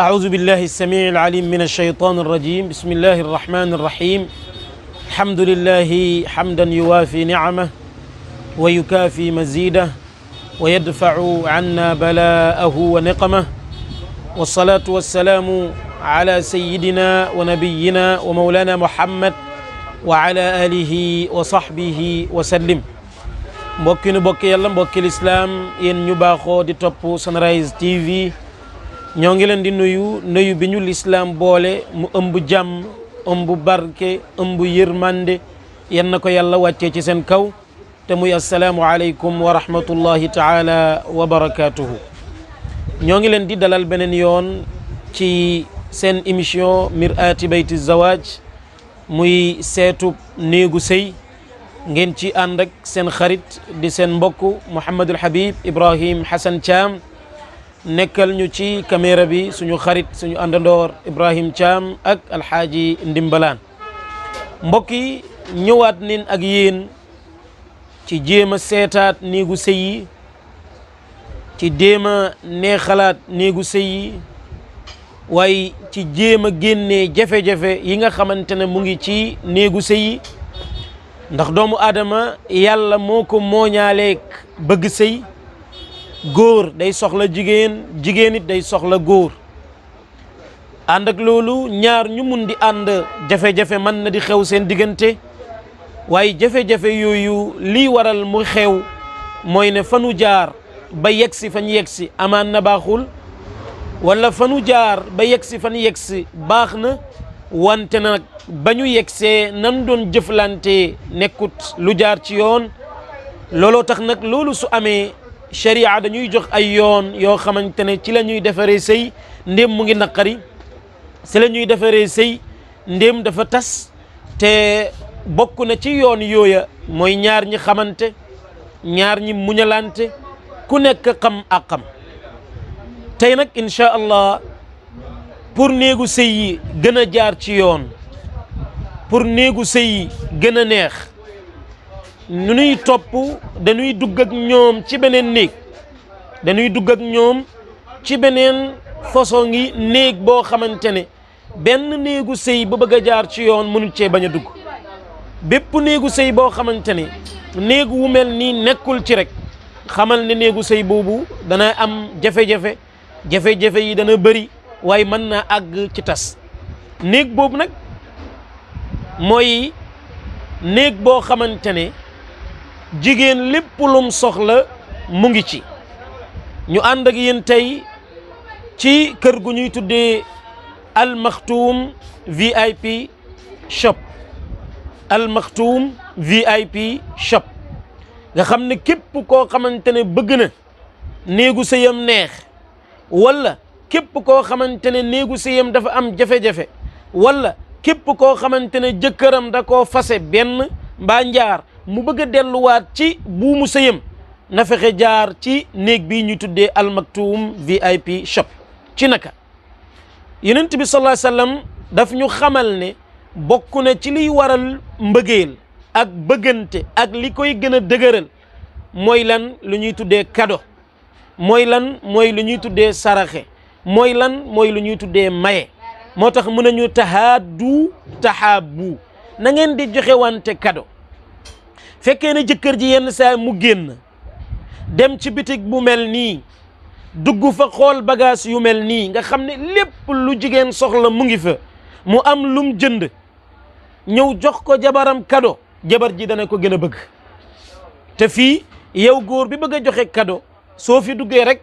أعوذ بالله السميع العليم من الشيطان الرجيم بسم الله الرحمن الرحيم الحمد لله حمدا يوافي نعمه ويكافي مزيده ويدفع عنا بلاءه ونقمه والصلاة والسلام على سيدنا ونبينا ومولانا محمد وعلى آله وصحبه وسلم mbokki nu bokk الإسلام mbokki lislaam yéen ñu baaxoo Sunrise TV ñoo ngi leen di nuyu nuyu biñu ñu lislaam boole mu ëmb jàmm ëmb barke ëmb yërmande yan na ko yàlla wàccee ci seen kaw te muy asalaamu aleykum wa rahmatullahi taala wa ñoo ngi leen di dalal beneen yoon ci seen émission miraati bayti zawaaj muy seetub néegu sëy ngeen ci ànd seen xarit di seen mbokk Mouhamadul Habib Ibrahim Hassan Thiam nekkal ñu ci caméra bi suñu xarit suñu àndandoor Ibrahim Thiam ak alxaaji Ndimbalaan mbokk yi ñëwaat nin ak yéen ci jéem a seetaat néegu sëy ci jéem a neexalaat néegu sëy waaye ci jéem a génnee jafe-jafe yi nga xamante ne mu ngi ci néegu sëy ndax doomu aadama yàlla moo ko mooñaaleeg bëgg sëy góor day soxla jigéen jigéen it day soxla góor ànd ak loolu ñaar ñu mun di ànd jafe-jafe man na di xew seen diggante waaye jafe-jafe yooyu lii waral mu xew mooy ne fanu jaar ba yegsi fan yegsi wala fanu jaar ba yegsi fan yegsi baax na wante nag ba ñu yegsee nan doon jëflante nekkut lu jaar ci yoon looloo tax nag loolu su amee sharia dañuy jox ay yoon yoo xamante ne ci la ñuy defaree sëy ndéem mu ngi naqari si la ñuy defaree sëy ndéem dafa tas te bokk na ci yoon yooya mooy ñaar ñi xamante ñaar ñi muñalante ku nekk xam ak xam tey nag incha allah pour néegu sëy yi gën a jaar ci yoon pour néegu sëy yi gën a neex nu nuy topp dañuy dugg ak ñoom ci beneen néeg dañuy dugg ak ñoom ci beneen façon ngi néeg boo xamante ne benn néegu sëy ba bëgg a jaar ci yoon mënul cee bañ a dugg bépp néegu sëy boo xamante ne néeg wu mel nii nekkul ci rek xamal ne néegu sëy boobu dana am jafe-jafe jafe yi dana bari waaye mën naa àgg ci tas néeg boobu nag mooy néeg boo xamante ne jigéen lépp lum soxla mu ngi ci ñu ànd ak yéen tey ci kër gu ñuy tuddee Al Maktoum VIP shop Al Maktoum VIP shop nga xam ne képp koo xamante ne bëgg na néegu sëyam neex walla képp koo xamante ne néegu sëyam dafa am jafe-jafe wala képp koo xamante ne jëkkëram da koo fase benn mbaa njaar mu bëgg delluwaat ci buumu sëyam na fexe jaar ci néeg bi ñuy tuddee almaktuum VIP shop ci naka yonent bi sallallahu alayhi wasallam daf ñu xamal ne bokk na ci liy waral mbëggeel ak bëggante ak li koy gën a dëgëral mooy lan lu ñuy tuddee kado mooy lan mooy lu ñuy tuddee saraxe mooy lan mooy lu ñuy tuddee maye moo tax mën nañu tahaadu tahaabbu na ngeen di joxewante kado fekke ne jëkkër ji yenn saa mu genn dem ci boutique bu mel ni duggu fa xol bagage yu mel ni nga xamne lepp lu jigen soxla mu ngi fa mu am lum jënd ñew jox ko jabaram kado jabar ji dana ko gëna bëgg te fi yow goor bi bëgg joxe kado sofi fi duggé rek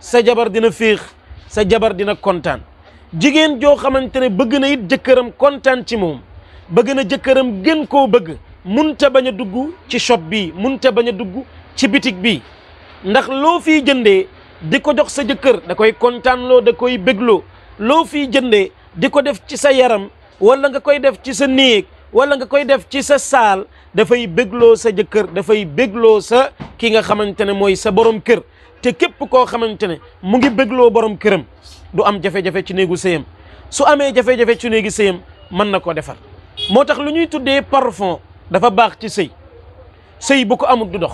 sa jabar dina feex sa jabar dina kontan jigen jo xamantene bëgg na it jëkkëram kontan ci mom bëgg na jëkkëram gën ko bëgg mun munta bañ a dugg ci bii mun munta bañ a dugg ci bitig bi ndax loo fi jëndee di ko jox sa jëkkër da koy kontaanloo da koy bégloo loo fiy jëndee di ko def ci sa yaram wala nga koy def ci sa néeg wala nga koy def ci sa saal dafay bégloo sa jëkkër dafay bégloo sa ki nga xamante ne mooy sa borom kër te képp koo xamante ne mu ngi bégloo borom këram du am jafe-jafe ci néegu sëyam su amee jafe-jafe ci néegi sëyam mën na ko defar moo tax lu ñuy tuddee dafa baax ci sëy sëy bu ko amul du dox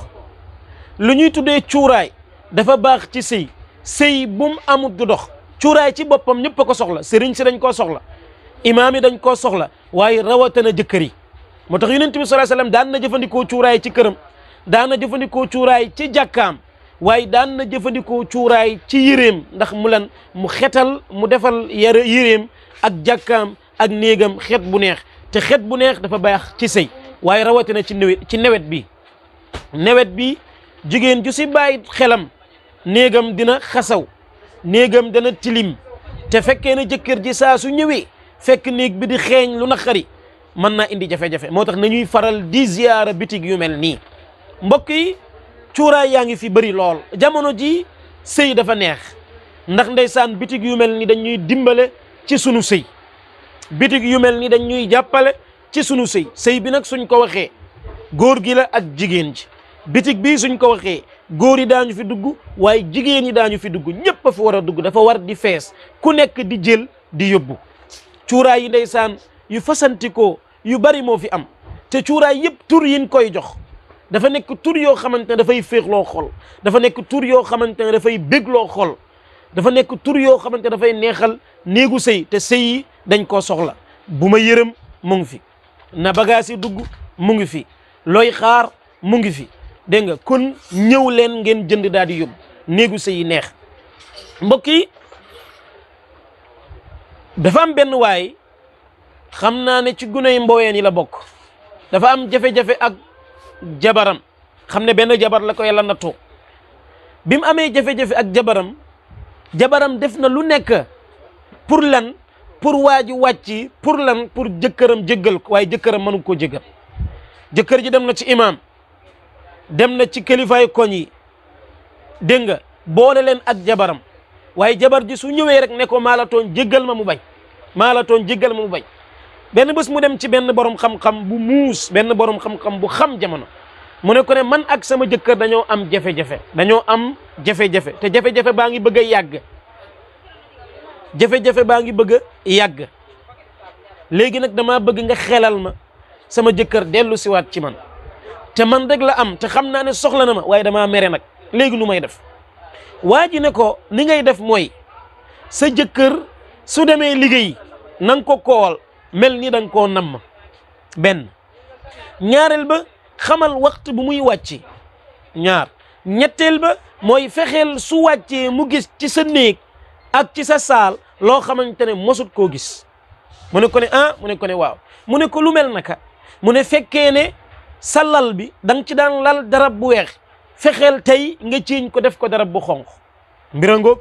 lu ñuy tuddee cuuraay dafa baax ci sëy sëy bum amut du dox cuuraay ci boppam ñëpp ko soxla sëriñ si dañ koo soxla imaam yi dañ koo soxla waaye rawatana jëkkër yi moo tax yu nañ bi sallallahu alayhi wasallam daan na jëfandikoo cuuraay ci këram daan na jëfandikoo cuuraay ci jàkkaam waaye daan na jëfandikoo cuuraay ci yéreem ndax mu lan mu xetal mu defal yare yéreem ak jàkkaam ak néegam xet bu neex te xet bu neex dafa baax ci sëy waaye rawatina ci nawet ci nawet bi nawet bi jigéen ju si bàyyi xelam néegam dina xasaw néegam dana tilim te fekkee ne jëkkër ji saa su ñëwee fekk néeg bi di xeeñ lu naqari mën naa indi jafe-jafe moo tax na ñuy faral di ziyaara bitig yu mel nii mbokk yi cuuraay yaa ngi fi bëri lool jamono ji sëy dafa neex ndax saan bitig yu mel ni dañuy dimbale ci sunu sëy bitig yu mel ni dañuy jàppale ci sunu sëy sëy bi nag suñ ko waxee góor gi la ak jigéen ji bitig bii suñ ko waxee góor yi daañu fi dugg waaye jigéen yi daañu fi dugg ñëpp a fi war a dugg dafa war di fees ku nekk di jël di yóbbu cuuraay yi saan yu fasantikoo yu bari moo fi am te cuuraay yëpp tur yin koy jox dafa nekk tur yoo xamante ne dafay féexloo xol dafa nekk tur yoo xamante ne dafay bégloo xol dafa nekk tur yoo xamante ne dafay neexal néegu sëy te sëy yi dañ koo soxla bu ma yërëm mu ngi fi na bagage dugg mu ngi fi looy xaar mu ngi fi dégg nga kon ñëw leen ngeen jënd daal di yóbbu néegu sëy yi neex mbokk yi dafa am benn waay xam naa ne ci gunóor yi yi la bokk dafa am jafe-jafe ak jabaram xam ne benn jabar la ko yàlla nattoo bi mu amee jafe-jafe ak jabaram jabaram def na lu nekk pour lan pour waa ji wàcc pour lan pour jëkkëram jéggal ko waaye jëkkëram mënu koo jéggal jëkkër ji dem na ci imaam dem na ci kilifaay koñ yi dégg nga boole leen ak jabaram waaye jabar ji su ñëwee rek nekkoo maala maa la ma mu bay maa la tooñ jéggal mu bañ benn bés mu dem ci benn borom xam-xam bu muus benn borom xam-xam bu xam jamono mu ne ne man ak sama jëkkër dañoo am jafe-jafe dañoo am jafe-jafe te jafe-jafe baa ngi bëgg a yàgg jafe-jafe baa ngi bëgg a yàgg léegi nag dama bëgg nga xelal ma sama jëkkër dellu siwaat ci man te man rek la am te xam naa ne soxla na ma waaye damaa mere nag léegi nu may def waa ji ne ko ni ngay def mooy sa jëkkër su demee liggéey na ko koowal mel ni dang nga koo namm benn ñaareel ba xamal waxtu bu muy wàcc ñaar ñetteel ba mooy fexeel su wàccee mu gis ci sa néeg ak ci sa saal loo xamante ne mosut koo gis mu ne ko ne ah mu ne ko ne waaw mu ne ko lu mel naka mu ne fekkee ne sa lal bi danga ci daan lal darab bu weex fexeel tey nga ciiñ ko def ko dara bu xonq mbirangoog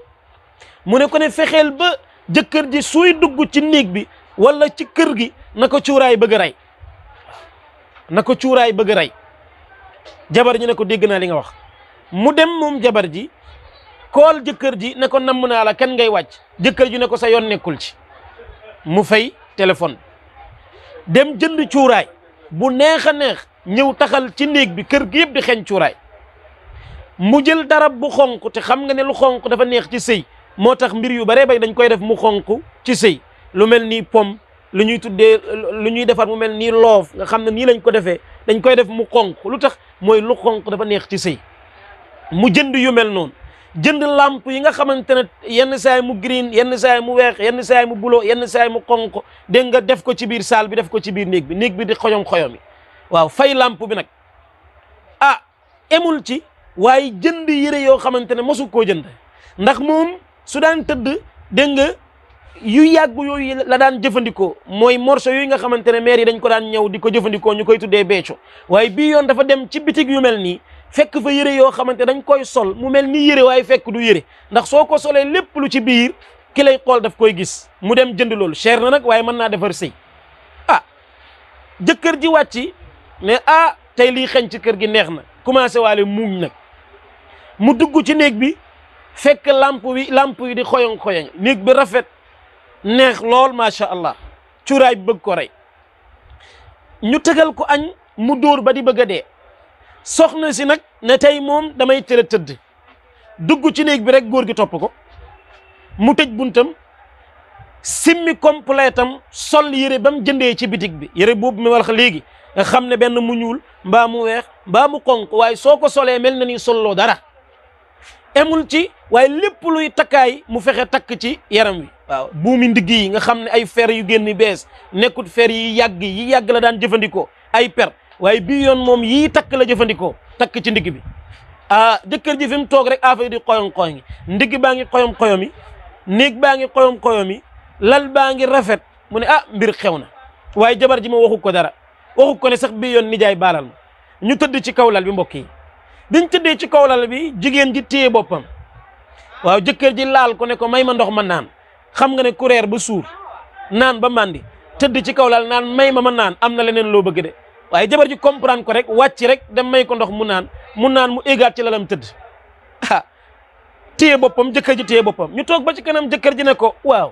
mu ne ko ne fexeel ba jëkkër ji suy dugg ci néeg bi wala ci kër gi na ko cuuraay bëgg rey na ko cuuraay bëgg rey jabar ji ne ko dégg naa li nga wax mu dem moom jabar ji kool jëkkër ji ne ko namm naa la kenn ngay wàcc jëkkër ji ne ko sa yoon nekkul ci mu fay téléphone dem jënd cuuraay bu neex a neex ñëw taxal ci néeg bi kër gi yëpp di xeeñ cuuraay mu jël darab bu xonq te xam nga ne lu xonq dafa neex ci sey moo tax mbir yu baree bay dañ koy def mu xonq ci sey lu mel ni pom lu ñuy tuddee lu ñuy defar mu mel nii loof nga xam ne nii lañ ko defee dañ koy def mu xonq lu tax mooy lu xonq dafa neex ci sëy mu jënd yu mel noonu jënd làmp yi nga xamante ne yenn saay mu green yenn saay mu weex yenn saay mu bulo yenn saay mu xonq dégg nga def ko ci biir salle bi def ko ci biir néeg bi néeg bi di xoyom xoyom yi waaw fay làmp bi nag ah emul ci waaye jënd yére yoo xamante ne mosu koo jënd ndax moom su daan tëdd dégg nga yu yàgg yooyu la daan jëfandikoo mooy morceau yooyu nga xamante ne maire yi dañ ko daan ñëw di ko jëfandikoo ñu koy tuddee beeco waaye bii yoon dafa dem ci bitig yu mel nii fekk fa yëre yoo xamante dañ koy sol mu mel ni yére waaye fekk du yëre ndax soo ko solee lépp lu ci biir ki lay xool daf koy gis mu dem jënd loolu cher na nag waaye mën naa defar sëy ah jëkkër ji wàcc ne ah tey lii xeeñ ci kër gi neex na commencé waale muuñ nag mu dugg ci néeg bi fekk lamp wi lamp yi di xoyoŋ xoyoŋ néeg bi rafet neex lool macha allah cuuraay bi bëgg ko rey ñu tegal ko añ mu dóor ba di bëgg a dee soxna si nag ne tey moom damay tële tëdd dugg ci néeg bi rek góor gi topp ko mu tëj buntam simmi complet am sol yére ba mu jëndee ci bitik bi yére boobu mi wax léegi nga xam ne benn mu ñuul mbaa mu weex mbaa mu konk waaye soo ko solee mel na ni solloo dara emul ci waaye lépp luy takkaay mu fexe takk ci yaram wi waaw buumi ndigg yi nga xam ne ay fer yu génn bees nekkut fer yi yàgg yi yàgg la daan jëfandikoo ay per waaye bii yoon moom yii takk la jëfandikoo takk ci ndigg bi ah jëkkër ji fi toog rek affaire di xoyom xoyom yi ndigg baa ngi xoyom xoyom yi néeg baa ngi xoyom xoyom yi lal baa ngi rafet mu ne ah mbir xew na waaye jabar ji ma waxu ko dara waxu ko ne sax bii nijaay baalal ma ñu tëdd ci kaw lal bi mbokk yi biñ tëddee ci kaw bi jigéen ji téye boppam waaw jëkkër ji laal ko ne ko may ma ndox ma naan xam nga ne ku reer ba suur naan ba màndi tëdd ci kaw lal naan may ma ma naan am na leneen loo bëgg waaye jabar ji comprendre ko rek wàcc rek dem may ko ndox mu naan mu naan mu égaat ci lalam tëdd ah téye boppam jëkkër ji téye boppam ñu toog ba ci kanam jëkkër ji ne ko waaw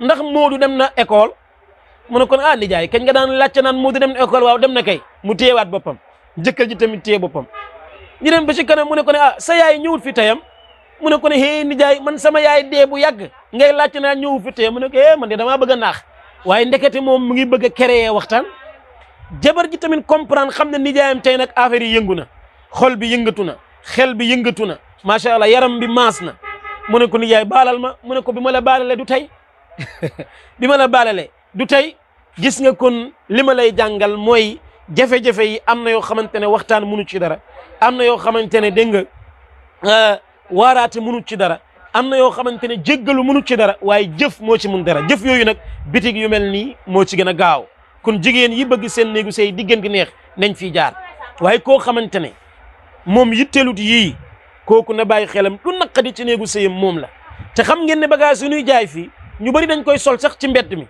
ndax moodu dem na école mu ne kon ah nijaay kañ nga daan laajte naan Modou dem na école waaw dem na kay mu téyewaat boppam jëkkër ji tamit téye boppam ñu dem ba ci kanam mu ne ko ne ah sa yaay ñëwut fi tayam mu ne ko ne hee nijaay man sama yaay dee bu yàgg ngay laajte naan ñëwut fi tayam mu ne ko hee eh, man damaa bëgg a naax waaye ndekete moom mu ngi bëgg a créer waxtaan jabar ji tamit comprendre xam ne nijaayam tey nag affaire yi yëngu na xol bi yëngatu na xel bi yëngatu na macha allah yaram bi maas na mu ne ko nijaay baalal ma mu ne ko bi ma la baalalee du tey bi ma la baalalee du tey gis nga kon li ma lay jàngal mooy jafe yi am na yoo xamante ne waxtaan munu ci dara am na yoo xamante ne dégg nga euh, waaraate munu ci dara am na yoo xamante ne jëggalu munu ci dara waaye jëf moo ci mun dara jëf yooyu nag bitig yu mel nii moo ci gën a gaaw. kon jigéen yi bëgg seen néegu sey gi neex nañ fi jaar waaye koo xamante ne moom yitteelut yii kooku na bàyyi xelam du naqadi ci néegu seyam moom la te xam ngeen ne bagage yu ñuy jaay fii ñu bëri dañ koy sol sax ci mbedd mi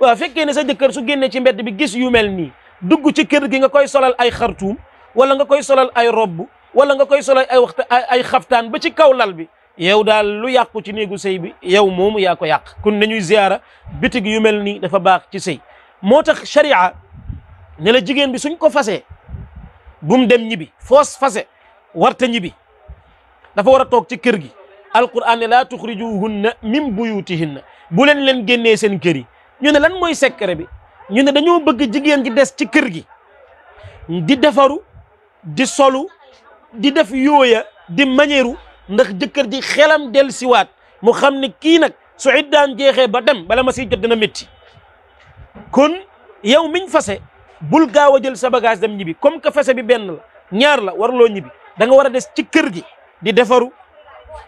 waa fekkee ne sa jëkkër su génnee ci mbedd bi gis yu mel nii dugg ci kër gi nga koy solal ay xartuum wala nga koy solal ay robb wala nga koy solal ay waxta ay xaftaan ba ci kaw lal bi yow daal lu yàqu ci néegu sey bi yow moomu yaa ko yàq kon nañuy ziyaara bitig yu mel nii dafa baax ci sëy moo tax sharia ne la jigéen bi suñ ko fasee bum dem ñibi foos fase warta ñibi dafa war a toog ci kër gi alquran ne laa tuxrijuhunna min buyutihinna bu leen leen génnee seen kër yi ñu ne lan mooy secret bi ñu ne dañoo bëgg jigéen ji des ci kër gi di defaru di solu di def yooya di mañeeru ndax jëkkër ji xelam del siwaat mu xam ne kii nag su iddaan jeexee ba dem bala ma siy jot dina métti kon yow miñ fase bul gaaw a jël sa bagage dem ñibbi comme que fase bi benn la ñaar la warloo ñibbi da nga war a des ci kër gi di defaru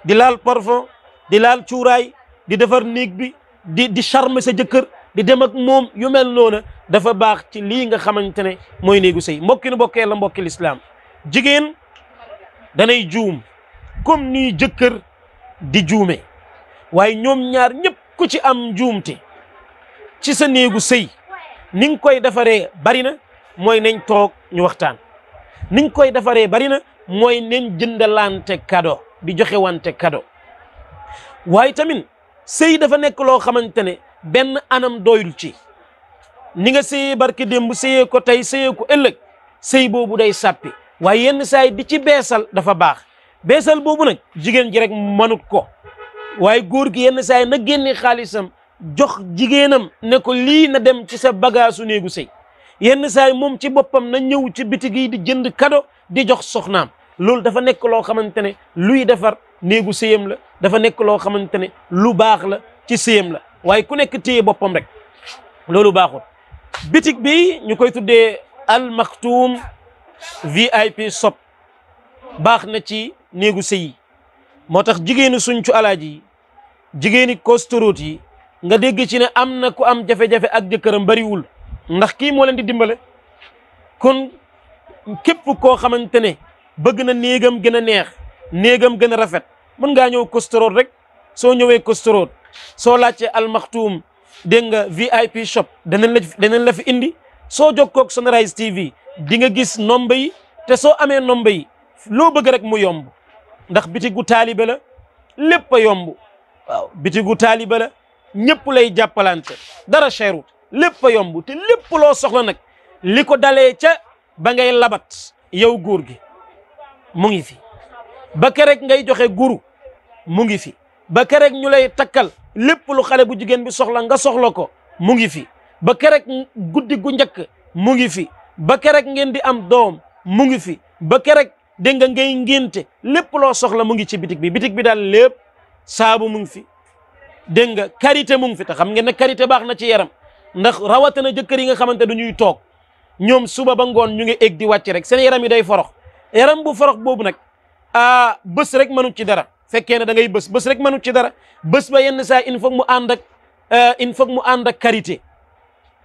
di laal parfum di laal cuuraay di defar néeg bi di di charme sa jëkkër di dem ak moom yu mel noona dafa baax ci lii nga xamante ne mooy néegu sëy mbokki nu bokkee la mbokki lislaam jigéen danay juum comme ni jëkkër di juume waaye ñoom ñaar ñëpp ku ci am juumte ci sa néegu sëy ni nga koy defaree bari na mooy nañ toog ñu waxtaan niñ koy defaree bari na mooy nen jëndalante cadeau bi joxe wante cadeau waaye tamit sëy dafa nekk loo xamante ne benn anam doyul ci ni nga sëyee barki démb sëyee ko tey sëyee ko ëllëg sëy boobu day sàppi waaye yenn saay di ci beesal dafa baax beesal boobu nag jigéen ji rek mënut ko waaye góor gi yenn saay nag génne xaalisam jox jigéenam ne ko lii na dem ci sa bagaasu néegu sëy yenn saay moom ci boppam na ñëw ci bitig yi di jënd kado di jox soxnaam loolu dafa nekk loo xamante ne luy defar néegu sëyam la dafa nekk loo xamante ne lu baax la ci sëyam la waaye ku nekk téye boppam rek loolu baaxul bitig bi ñu koy tuddee Al Maktoum VIP shop baax na ci néegu sëy yi moo tax jigéenu suñcu alaaji yi jigéeni kostoroot yi nga dégg ci ne am na ku am jafe-jafe ak jëkkëram bariwul ndax kii moo leen di dimbale kon képp koo xamante ne bëgg na néegam gën a neex néegam gën a rafet mën ngaa ñëw costoroot rek soo ñëwee costoroot soo laajtee almaxtuum dégg nga VIP shop danañ la danañ la fi indi soo jog kook jokkoog Sunrise TV di nga gis nomba yi te soo amee nomba yi loo bëgg rek mu yomb ndax bitigu taalibe la lépp yomb waaw bitigu taalibe ñëpp lay jàppalante dara cherut lépp a yomb te lépp loo soxla nag li ca ba ngay labat yow góor gi mu ngi fi ba ngay joxe guru mu ngi fi ba kerek ñu lay takkal lépp lu xale bu jigéen bi soxla nga soxla ko mu ngi fi ba kerek guddi gu mu ngi fi ba ngeen di am dom mu ngi fi ba kerek dégg nga ngay ngénte lépp loo soxla mu ngi ci bi bitik bi daal lépp saabu mu ngi fi dégg nga karité mu ngi xam ngeen ne karité baax na ci yaram ndax rawatina jëkkër yi nga xamante du ñuy toog ñoom suba ba ngoon ñu ngi egg di wàcc rek seen yaram yi day forox yaram bu forox boobu nag a bës rek mënut ci dara fekkee ne da ngay bës bës rek mënut ci dara bés ba yenn saa il faut mu ànd ak il mu ànd ak karité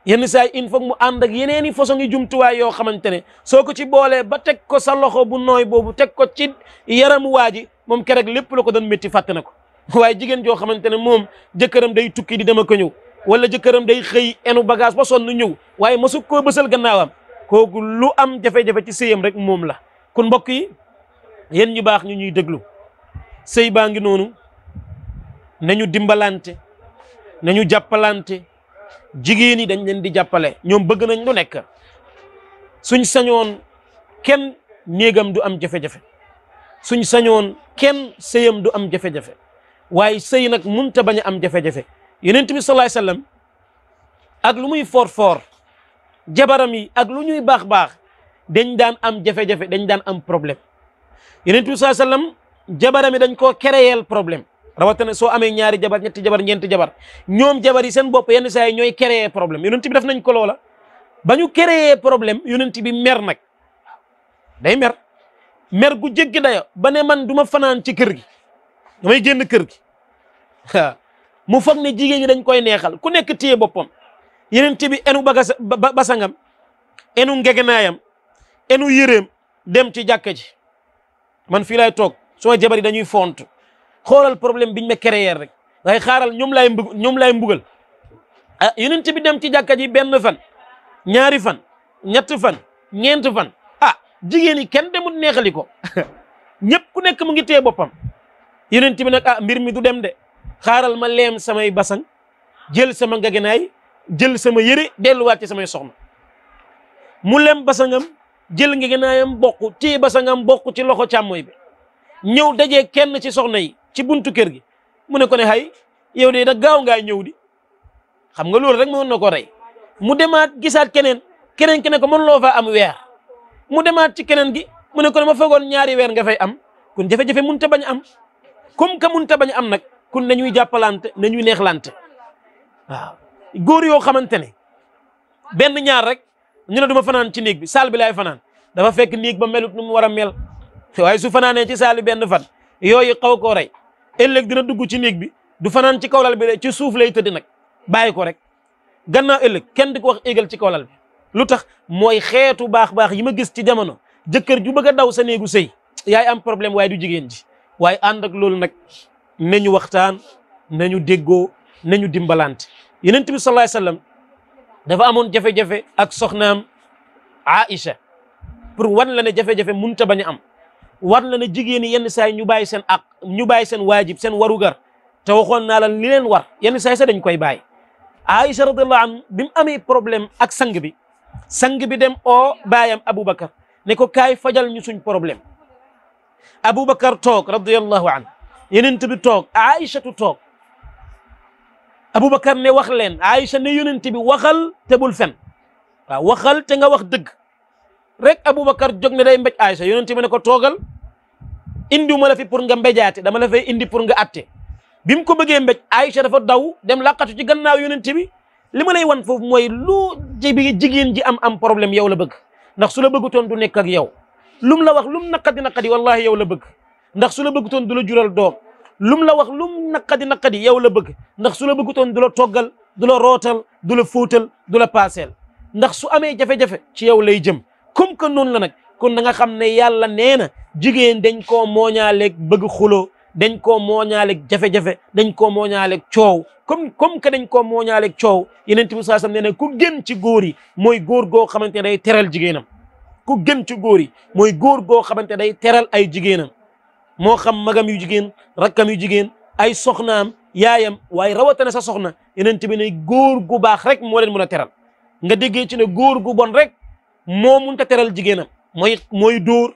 yenn saa yi il mu ànd ak yeneen i façon yi jumtuwaay yoo xamante ne soo ko ci boolee ba teg ko sa loxo bu nooy boobu teg ko ci yaramu waa ji moom keroog lépp la doon métti fàtte ko waaye jigéen joo xamante ne moom jëkkëram day tukki di dem ak ñëw wala jëkkëram day xëy enu bagage ba sonn ñëw waaye masu koo bësal gannaawam kooku lu am jafe-jafe ci sëyam rek moom la kon mbokk yi yéen ñu baax ñu ñuy déglu sëy baa ngi noonu nañu dimbalante nañu jàppalante jigéen yi dañ leen di jàppale ñoom bëgg nañ lu nekk suñ sañoon kenn ñéegam du am jafe-jafe suñ sañoon kenn sëyam du am jafe-jafe waye sey nak munta baña am jafé jafé yonent bi sallallahu alayhi wasallam ak lu muy for jabaram yi ak lu ñuy bax dañ daan am jefe jefe, dañ daan am problème yonent bi sallallahu alayhi wasallam jabaram yi dañ ko créer problème rawatina so amé ñaari jabar ñetti jabar ñent jabar ñom jabar yi seen bop yenn say ñoy créer problème yonent def nañ ko loola bañu créer problème yonent bi mer nak day mer mer gu jéggi dayo bané man duma fanan ci kër gi damay génn kër gi mu foog ne jigéen ñi dañ koy neexal ku nekk tiye boppam yeneen te bi enu bagasa basangam enu ngegenaayam enu yëreem dem ci jàkka ji man fii laay toog soo jabar dañuy font xoolal problème biñ ma créer rek waaye xaaral ñoom laay ñoom laay mbugal ah yeneen te dem ci jàkka ji benn fan ñaari fan ñett fan ñeent fan ah jigéen ñi kenn demut neexali ko ñëpp ku nekk mu ngi téye boppam yeneen bi nag ah mbir mi du dem de xaaral ma leem samay basang jël sama ngaginaay jël sama yëre delluwaat ci samay soxna mu lem basangam jël ngaginaayam bokk téye basangam bokk ci loxo càmmooy bi ñëw dajee kenn ci soxna yi ci buntu kër gi mu ne ko ne xay yow de nag gaaw ngaa ñëw di xam nga loolu rek mën na ko rey mu demaat gisaat keneen keneen ki ne ko mën loo faa am weer mu demaat ci keneen gi mu ne ko ma foogoon ñaari weer nga fay am kon jafe-jafe mënut a bañ am comme que munta bañ am nag kun nañuy jàppalante nañuy neexlante waaw góor yoo xamante ne benn ñaar rek ñu ne duma fanaan ci néeg bi saal bi laay fanaan dafa fekk néeg ba melut nu mu war a mel waaye su fanaanee ci saal bi benn fan yooyu xaw koo rey ëllëg dina dugg ci néeg bi du fanaan ci kawlal bi de ci suuf lay tëdd nag bàyyi ko rek gannaaw ëllëg kenn di ko wax égal ci kawlal bi lu tax mooy xeetu baax baax yi ma gis ci jamono jëkkër ju bëgg a daw sa yaay am problème waaye jigéen ji way and ak loolu nak nañu waxtaan nañu deggo nañu dimbalante yonent sallallahu alayhi wasallam sallam dafa amone jafe-jafe ak soxnam aisha. pour wan la né jafe-jafe munta a bañ am war la né jigéen yenn say ñu bayi sen ak ñu warugar te waxon na la li len war yenn say sa dañ koy bàyyi aisha radhiyallahu anha bim amé problème ak sang bi sang bi dem bayam bayam bakkar ne ko kay fajal ñu suñ problème Aboubacar toog radiyallahu an yonent bi toog Aïchatu toog Aboubacar ne wax leen Aïcha ne yonent bi waxal te bul fen waaw waxal te nga wax dëgg rek Aboubacar jóg ne day mbéj Aïcha yonent bi ne ko toogal indiwuma la fi pour nga mbéjaate dama la indi pour nga atte bi mu ko bëggee mbéj Aïcha dafa daw dem laqatu ci gannaaw yonent bi li ma lay wan foofu mooy lu ji bi jigéen ji am am problème yow la bëgg ndax su la bëggutoon du nekk ak yow. lum la wax lum naqadi naqadi wallahi yow la bëgg ndax su la bëgg toon du la jural doom lum la wax lum naqadi naqadi yow la bëgg ndax su la bëgg toon du la toggal du la rootal du la fóotal du la paasel ndax su amee jafe-jafe ci yow lay jëm comme que noonu la nag kon da nga xam ne yàlla nee na jigéen dañ koo mooñaaleeg bëgg xuloo dañ koo mooñaaleeg jafe-jafe dañ koo mooñaaleeg coow comme comme que dañ koo mooñaaleeg coow yeneen bi saa sam nee na ku gën ci góor yi mooy góor goo xamante ne day teral jigéenam ku gën ci góor yi mooy góor goo xamante day teral ay jigéenam moo xam magam yu jigéen rakkam yu jigéen ay soxnaam yaayam waaye rawatina sa soxna yeneen tamit ne góor gu baax rek moo leen mën a teral nga déggee ci ne góor gu bon rek moo mënut teral jigéenam mooy mooy dóor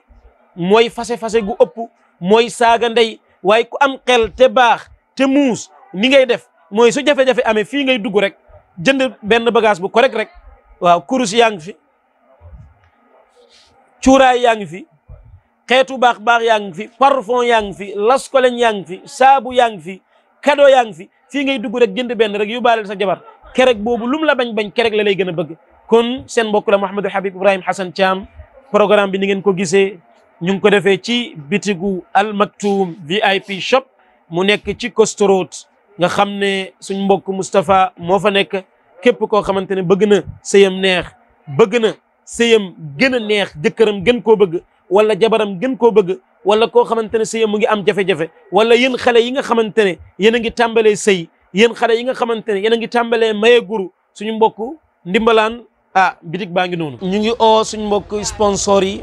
mooy fase-fase gu ëpp mooy saaga ndey waaye ku am xel te baax te muus ni ngay def mooy su jafe-jafe amee fii ngay dugg rek jënd benn bagage bu correct rek waaw kurus yaa cuuraay yaa ngi fi xeetu baax baax yaa ngi fi parfum yaa ngi fi laskoleñ yaa ngi fi saabu yaa ngi fi kado yaa ngi fi fii ngay dugg rek jënd benn rek yóbbaale sa jabar kerek boobu lum la bañ bañ kerek la lay gën a bëgg kon seen mbokk la Mouhamadou Habib Ibrahim Hassan Thiam programme bi ni ngeen ko gisee ñu ngi ko defee ci bitigu Al Maktoum VIP shop mu nekk ci Coste Road nga xam ne suñ mbokk mustafa moo fa nekk képp koo xamante ne bëgg na sëyam neex bëgg na sëyam gën a neex jëkkëram gën koo bëgg wala jabaram gën koo bëgg wala koo xamante ne sëyam mu ngi am jafe-jafe wala yéen xale yi nga xamante ne yéen a ngi tàmbalee sey yéen xale yi nga xamante ne yéen a ngi tàmbalee maye guru suñu mbokk ndimbalaan ah bitig baa ngi noonu ñu ngi oo suñu mbokk sponsor yi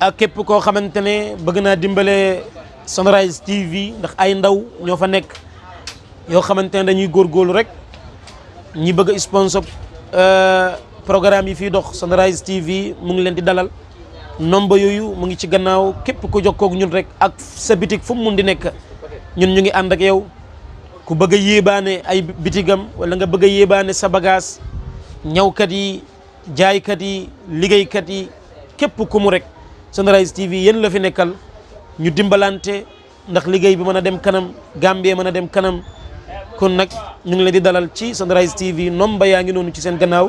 ak képp koo xamante ne bëgg naa dimbale Sunrise TV ndax ay ndaw ñoo fa nekk yoo xamante ne dañuy góorgóorlu rek ñi bëgg a sponsor euh, programme yi fii dox Sunrise TV mu ngi leen di dalal nomba yooyu mu ngi ci gannaaw képp ku jox kook ñun rek ak sa bitig fu mu mun di nekk ñun ñu ngi ànd ak yow ku bëgg a yéebaane ay bitigam wala nga bëgg a yéebaane sa bagage ñawkat yi jaaykat yi liggéeykat yi képp ku mu rek Sunrise TV yéen la fi nekkal ñu dimbalante ndax liggéey bi mën a dem kanam Gambie mën a dem kanam kon nag ñu ngi leen di dalal ci Sunrise TV nomba yaa ngi noonu ci seen gannaaw